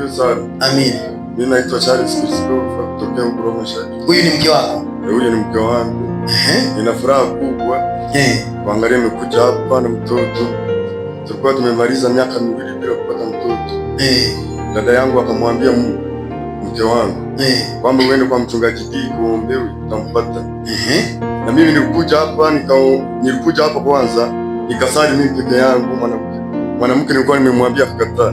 Nashukuru sana. Amina. Mimi naitwa Charles Christopher kutoka Ngorongoro Mashariki. Huyu ni mke wako? huyu ni mke wangu. Nina furaha kubwa. Kuangalia nimekuja hapa na mtoto. Tulikuwa tumemaliza miaka miwili bila kupata mtoto. Dada yangu akamwambia mke wangu kwamba uende kwa mchungaji Diko Mbewe utampata. Na mimi nilikuja hapa nikao, nilikuja hapa kwanza nikasali mimi peke yangu, mwanamke nilikuwa nimemwambia kukataa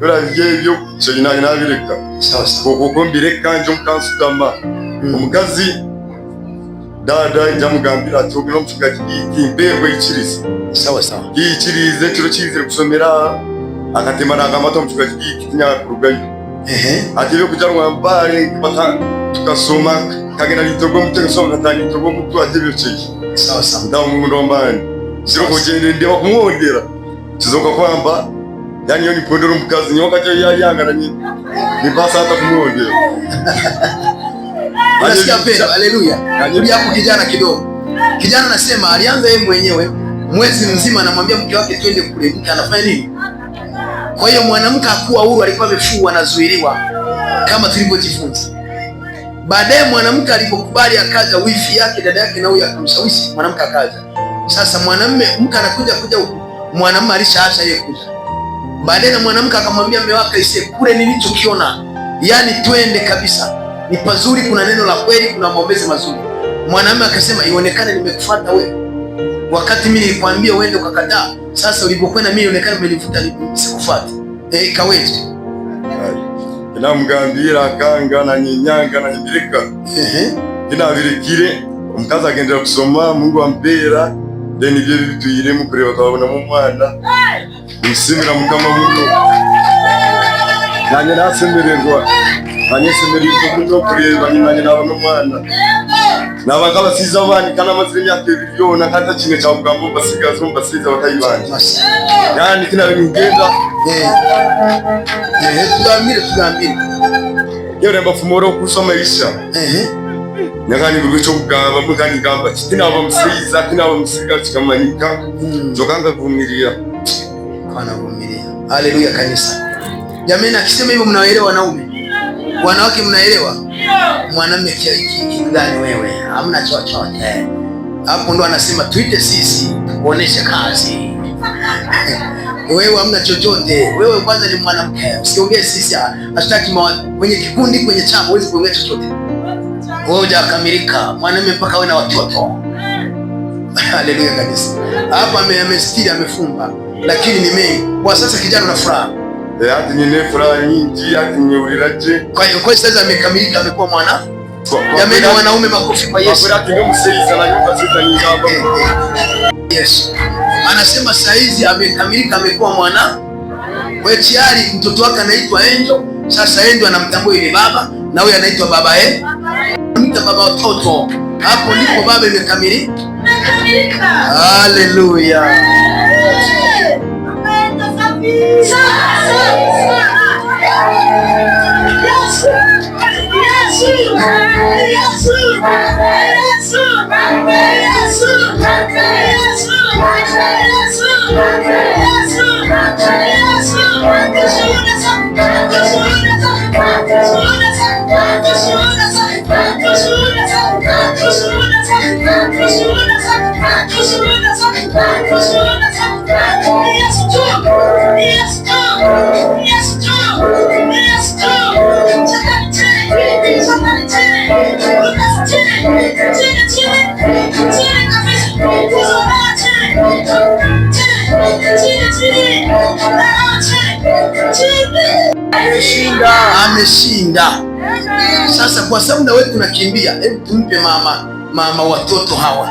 biravyebyo ico nanje nabireka kuko mbireka nje mukansutama hmm. omukazi dada nja mugambira ati ogenda omukiga kimberwe ikiriza kiikirize kiro kiyizire kusomera akatema nakamata omukiga kigiki tinyakakurugayo ati ebyokuja rwambare tukasoma kagenda nitogo mutegesoma katanga itogo mutu ati ebyo kiki ndamundombani zirokogende ndeba kumwondera kizoka kwamba Yani yoni pondoro mkazi nyoka iyo ya omukazi nyowe kaca ni basa hata kumwonde nasikia pendo, haleluya. Ndio hapo kijana kidogo. Kijana anasema alianza yeye mwenyewe mwezi mzima anamwambia mke wake twende kule, mke anafanya nini? Kwa hiyo mwanamke hakuwa huru, alikuwa amefungwa, anazuiliwa kama tulivyojifunza. Baadaye mwanamke alipokubali akaja, wifi yake dada yake na naye akamshawishi mwanamke akaja. Sasa mwanamme mke anakuja kuja, huku mwanamme alishaacha yeye kuja Baadaye na mwanamke akamwambia mume wake aisee, kule nilichokiona, yaani twende kabisa, ni pazuri, kuna neno la kweli, kuna maombezi mazuri. Mwanaume akasema ionekane nimekufuata wewe, wakati mimi nilikwambia uende ukakataa. Sasa ulipokwenda mimi ionekane umenivuta, sikufuati. Eh, kawezi mgambira kanga na nyinyanga na nyibirika virikire mkaza agendera kusoma Mungu ampera deni then ibyo bituyiremu kureba mwana. Hey! bishimira mukama w'umuntu nanjye nasemererwa nanjye semererwa umuntu wo kureba nanjye naba n'umwana nabaga abasiza banika n'amaze imyaka ibiri yona kandi kimwe cya mugambo mbasigaza mbasiza bakayibanje yani kinabe ningenda ehe tugambire tugambire yore mbafumoro kusoma isha ehe nakani bicho kugamba mukani gamba tinaba musiza tinaba musiga chikamanyika zokanga hmm. kumirira wanavumilia. Haleluya kanisa. Jamani akisema hivyo mnaelewa wanaume. Wanawake mnaelewa? Mwanaume kiasi wewe? Hamna chochote. Hapo ndo anasema tuite sisi, uoneshe kazi. Wewe hamna chochote. Wewe kwanza ni mwanamke. Usiongee sisi. hashtaki kwenye kikundi, kwenye chama huwezi kuongea chochote. Wewe hujakamilika. Mwanaume mpaka awe na watoto. Haleluya kanisa. Hapa amestiri amefumba lakini ni mengi kwa sasa. Kijana na furaha eh, hadi nina furaha nyingi, hadi niuliraje. Kwa hiyo kwa sasa amekamilika, amekuwa mwana jamani, wanaume makofi kwa Yesu. Eh, eh. Yesu anasema hizi amekamilika, amekuwa mwana. Kwa hiyo tayari mtoto wake anaitwa Enjo. Sasa Enjo anamtambua ile baba, na huyo anaitwa baba eh, mta baba watoto. Hapo ndipo baba imekamilika. Haleluya. Yes, Ameshinda, ameshinda. Sasa kwa sababu na wewe tunakimbia, hebu tumpe mama mama watoto hawa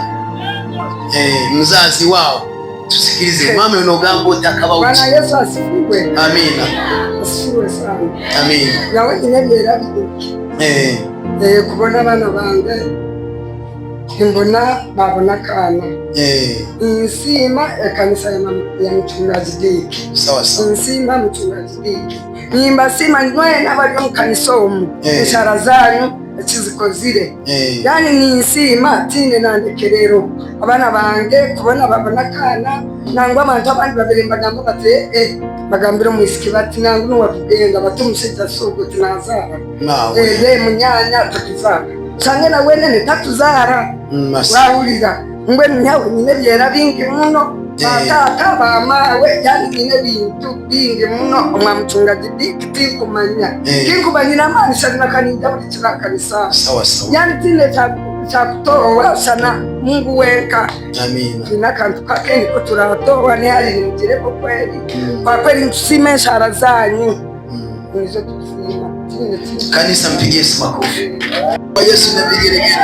eh, mzazi wao, tusikilize mama una utakawa Bwana Yesu asifiwe. Amina, Asifiwe sana. amina. Na wewe ni Eh, Eh, kubona bana bange timbona babona akana insimba eh. ya kanisa ya mchungaji Diki, insimba mchungaji Diki nimba sima nywena bali mukanisa omu ishara eh. zanyu ekizikozire eh. yani ninsima tinde nandeke rero abana bange kubona babona akana nangwa abantu abandi babiri mbagambo bati ee bagambira omwisiki bati nangu niwakugenda bati omushaija suuguti nazaaba ee munyanya tukizaaba cange na wene nitatuzaara mm, wawulira ngwe nyawe nyine byera bingi muno batata eh. bamawe yani nyine bintu bingi muno omwamuchungaji biki tinkumanya tinkumanyira eh. amanisha ninakanija buli kinakanisa yani tine chakutowa sana Mungu weka ina kantu kake niko turatowa nihalinjireko kweli kwa kweli ntusime mm. nshara zanyu mm. nizo tusima Kanisa, mpigie Yesu makofi. Kwa Yesu na vigelegele.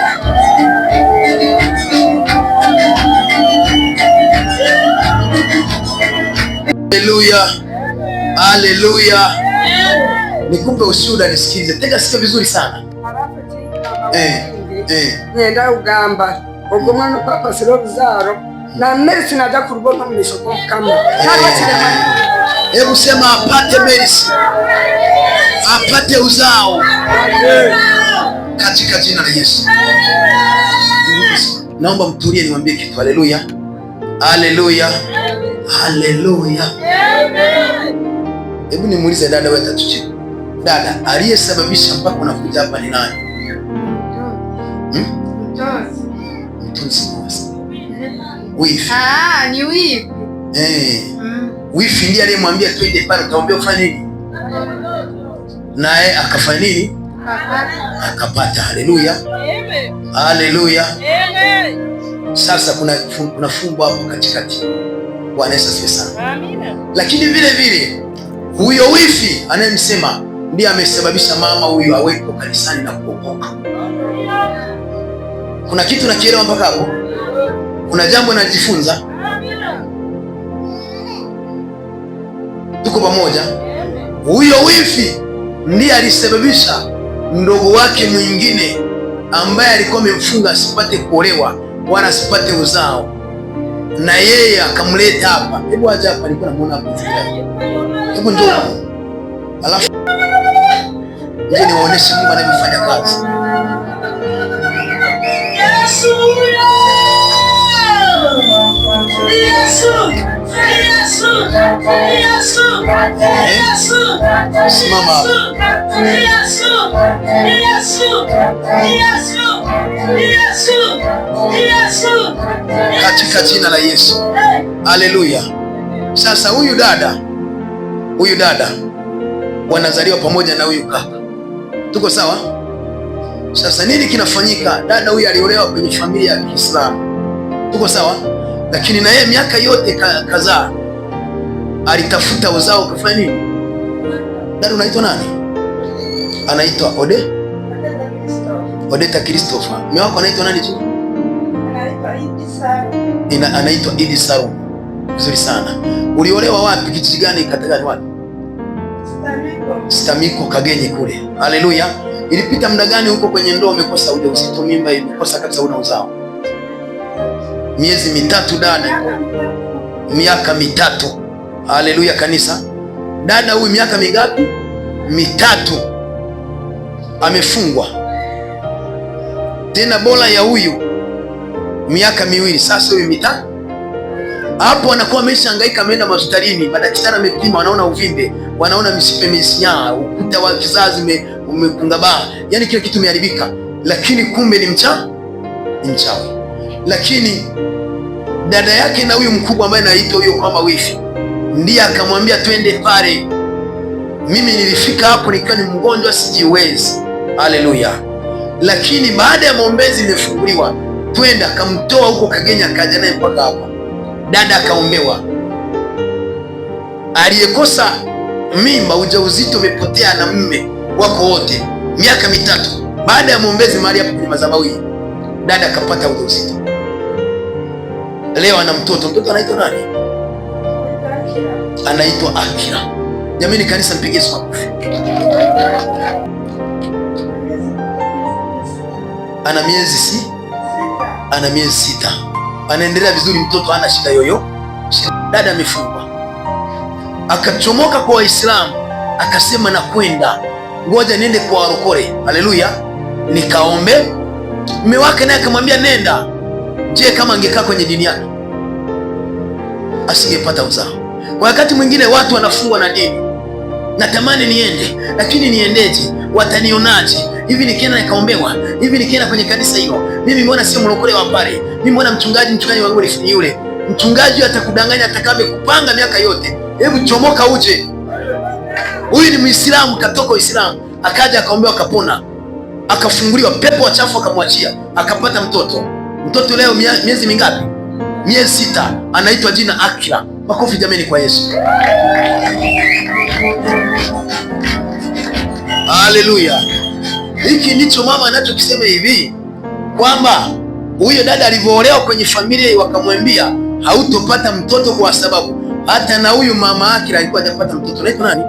Haleluya. Haleluya. Nikumpe ushuhuda nisikize. Tega sikia vizuri sana. Eh, eh. Nenda ugamba. Ogomano papa silo bizaro. Na mesi naja kurubo mamisho kwa kama. Eh, eh. Hebu sema apate mesi apate uzao katika jina la Yesu. Naomba mtulie, niwaambie kitu. Haleluya, haleluya, haleluya. Hebu nimuulize dada wewe, tatujibu dada, aliyesababisha mpaka unakuja hapa ni nani? Hmm? wifi. Ah, ni wifi. Eh, mm. wifi ndiye aliyemwambia twende pale, utaombea ufanye nini? naye akafanya nini? Akapata. Haleluya, haleluya. Sasa kuna, kuna fumbo hapo katikati. Bwana Yesu asifiwe sana. Amina. Lakini vile vile huyo wifi anayemsema ndiye amesababisha mama huyo awepo kanisani na kuokoka. Kuna kitu nakielewa mpaka hapo? Kuna jambo najifunza? Tuko pamoja? Huyo wifi ndiye alisababisha mdogo wake mwingine ambaye alikuwa amemfunga asipate kuolewa wala asipate uzao, na yeye akamleta hapa. Hebu aje hapa, alikuwa anamuona hapo. Hebu njoo, alafu je, niwaoneshe Mungu anavyofanya kazi. katika jina la Yesu. Haleluya! Sasa huyu dada, huyu dada wanazaliwa pamoja na huyu kaka, tuko sawa? Sasa nini kinafanyika? Dada huyu aliolewa kwenye familia ya Kiislamu, tuko sawa, lakini na yeye miaka yote kazaa alitafuta uzao kufanya nini? Dada unaitwa nani? Anaitwa Ode? Odeta Christopher. Mume wako anaitwa nani tu? Anaitwa Idi Saru. Vizuri sana. Uliolewa wapi? Kijiji gani? Kata gani? Wapi? Stamiko Kagenye kule. Haleluya. Ilipita muda gani huko kwenye ndoa umekosa ujauzito, mimba imekosa kabisa, una uzao? Miezi mitatu dada. Miaka mitatu. Haleluya kanisa. Dada huyu miaka mingapi? Mitatu amefungwa. Tena bora ya huyu miaka miwili, sasa huyu mitatu. Hapo anakuwa ameshahangaika, ameenda hospitalini, madaktari amepima, wanaona uvimbe, wanaona misipe misinyaa, ukuta wa kizazi umekungabaa, yaani kile kitu kimeharibika, lakini kumbe ni mcha ni mchawi. Lakini dada yake na huyu mkubwa ambaye anaitwa huyo kama wifi ndiye akamwambia twende pale. Mimi nilifika hapo nikiwa ni mgonjwa, sijiwezi. Haleluya! Lakini baada ya maombezi imefunguliwa, twenda akamtoa huko Kagenya, akaja naye mpaka hapa. Dada akaombewa, aliyekosa mimba, ujauzito umepotea na mme wako wote, miaka mitatu. Baada ya maombezi mahali hapo kwenye madhabahu, dada akapata ujauzito, leo ana mtoto. Mtoto anaitwa nani? anaitwa Akira. Jamani kanisa, mpigie makofi. Ana miezi si ana miezi sita, anaendelea vizuri, mtoto ana shida yoyo. Dada amefungwa akachomoka kwa Waislamu, akasema na kwenda ngoja niende kwa warokore. Haleluya, nikaombe. Mume wake naye akamwambia nenda. Je, kama angekaa kwenye dini yake asingepata uzao. Kwa wakati mwingine watu wanafungwa na dini, natamani niende, lakini niendeje? Watanionaje? hivi nikienda nikaombewa, hivi nikienda kwenye kanisa hilo, mimi mbona sio mlokole wa mbari? mimi mbona mchungaji mchungaji wangu ni yule mchungaji. Atakudanganya atakavyo kupanga miaka yote. Hebu chomoka uje. Huyu ni Muislamu, katoka Uislamu akaja akaombewa, akapona, akafunguliwa, pepo wachafu akamwachia, akapata mtoto. Mtoto leo miezi mingapi? Miezi sita, anaitwa jina Akila. Makofi jameni kwa Yesu. Haleluya. Hiki ndicho mama anachokisema hivi kwamba huyo dada alivyoolewa kwenye familia wakamwambia hautopata mtoto kwa sababu hata na huyu mama yake alikuwa hajapata mtoto. Naitwa nani?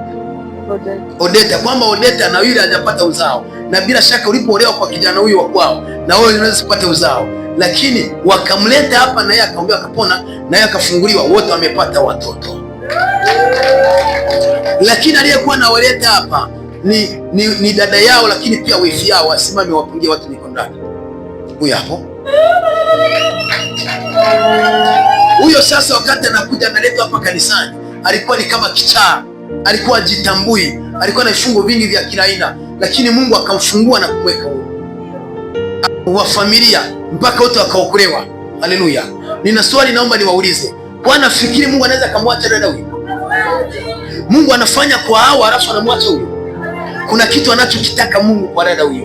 Odeta, kwamba Odeta na yule hajapata uzao, na bila shaka ulipoolewa kwa kijana huyu wa kwao, na wewe unaweza kupata uzao, lakini wakamleta hapa, na yeye akaombea, akapona, na yeye akafunguliwa, wote wamepata watoto. Lakini aliyekuwa nawaleta hapa ni, ni, ni dada yao, lakini pia wifi yao. Asimame wapungie watu niko ndani. huyo hapo huyo sasa, wakati anakuja analetwa hapa kanisani, alikuwa ni kama kichaa alikuwa ajitambui, alikuwa na vifungo vingi vya kila aina, lakini Mungu akamfungua na kumweka huru wa familia mpaka wote wakaokolewa. Haleluya! Nina swali, naomba niwaulize, bwana, fikiri Mungu anaweza akamwacha dada huyu? Mungu anafanya kwa hao alafu anamwacha huyu? Kuna kitu anachokitaka Mungu kwa dada huyu.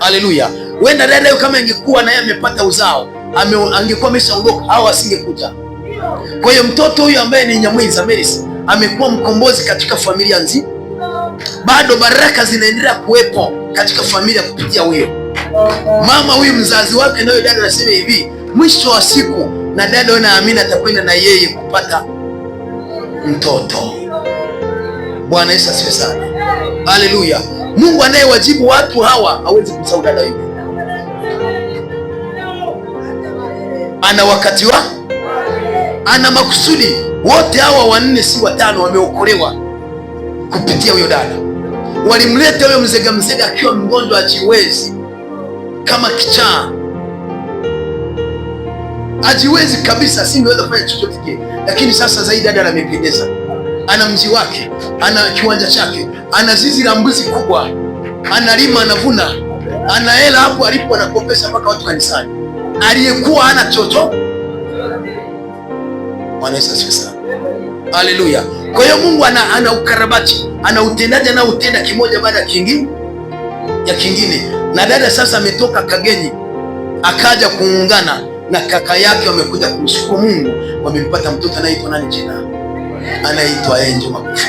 Haleluya! Wenda dada huyu kama ingekuwa naye amepata uzao ame, angekuwa ameshaondoka, hawa asingekuja. Kwa hiyo mtoto huyu ambaye ni nyamwiza Merisi amekuwa mkombozi katika familia nzima. Bado baraka zinaendelea kuwepo katika familia kupitia huyo mama, huyu mzazi wake. Nayo dada anasema hivi, mwisho wa siku na dada na Amina atakwenda na yeye kupata mtoto. Bwana Yesu asifiwe sana, haleluya. Mungu anayewajibu watu hawa hawezi kumsahau dada yule, ana wakati wa, ana makusudi wote hawa wanne si watano wameokolewa kupitia huyo dada. Walimleta huyo mzega mzega akiwa mgonjwa ajiwezi, kama kichaa ajiwezi kabisa, singeweza kufanya chochote kile. Lakini sasa zaidi dada amependeza, ana mji wake, ana kiwanja chake, ana zizi la mbuzi kubwa, analima, anavuna, ana hela hapo alipo, anakopesha mpaka watu kanisani. Aliyekuwa hana chochote Bwana Yesu sana. Haleluya. Kwa hiyo Mungu ana, ana ukarabati, ana utendaji anautenda kimoja baada ya kingine ya kingine. Na dada sasa ametoka Kageni akaja kuungana na kaka yake, wamekuja kumshukuru Mungu, wamempata mtoto anaitwa nani jina? Anaitwa Enjo Makufi.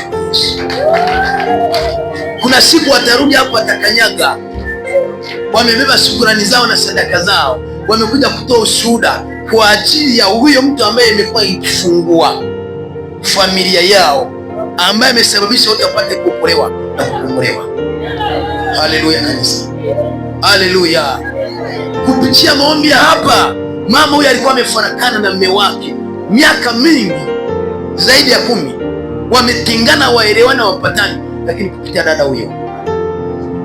Kuna siku watarudi hapo, watakanyaga. Wamebeba shukrani zao na sadaka zao, wamekuja kutoa ushuhuda kwa ajili ya huyo mtu ambaye imekuwa ikifungua familia yao, ambaye amesababisha wote wapate kuokolewa na kukombolewa. Haleluya kanisa, haleluya. Kupitia maombi ya hapa, mama huyu alikuwa amefarakana na mume wake miaka mingi zaidi ya kumi, wametengana, waelewana, wapatani, lakini kupitia dada huyo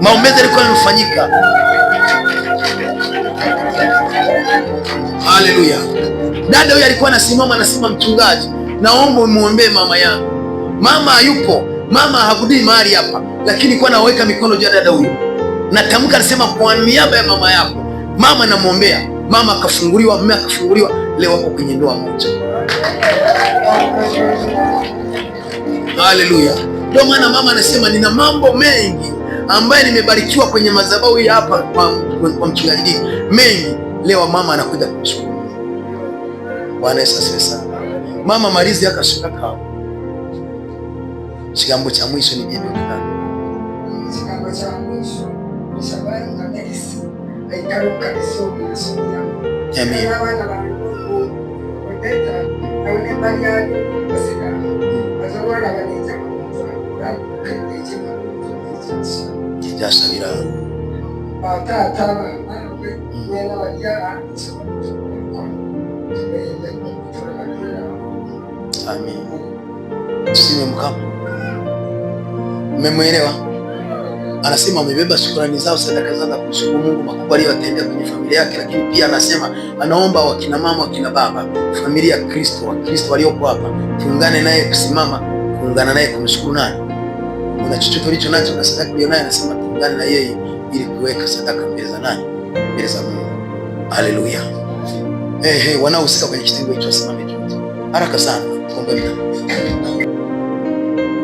maombezi alikuwa yamefanyika. Haleluya. Dada huyu alikuwa anasimama anasema, mchungaji, naomba umwombee mama yangu. Mama hayupo, mama hakudii mahali hapa, lakini kwa naweka mikono juu ya dada huyu, natamka nasema, kwa niaba ya mama yako, mama namwombea. Mama akafunguliwa, mume akafunguliwa, leo wako kwenye ndoa moja. Haleluya. Ndio maana mama anasema nina mambo mengi ambaye nimebarikiwa kwenye madhabahu hapa kwa, kwa mchungaji mengi Leo mama anakuja kumshukuru Bwana Yesu asifiwe sana. Mama Marizi akashuka kwa kigambo cha mwisho ni bibi mkana. Kigambo cha mwisho ni shabari kabisa. Aikalo kabisa ni sura. Amen. Wana wa Mungu weteta na ule bali yake basika. Azawa la kanisa kwa kanisa. Kijasha bila. Bata tama Vijana Anasema amebeba shukrani zao, sadaka zao za kumshukuru Mungu makubwa aliyowatendea kwenye familia yake, lakini pia anasema anaomba wakina mama, wakina baba, familia ya Kristo, wa Wakristo walioko hapa, tuungane naye kusimama, kuungana naye kumshukuru naye. Kuna chochote ulicho nacho na sadaka ulionayo, anasema tuungane na yeye ili kuweka sadaka mbele za nani? Mbele za Mungu. Haleluya. Hey, hey, wanaohusika kwenye kitengo hicho wasimame haraka sana. Tuombe.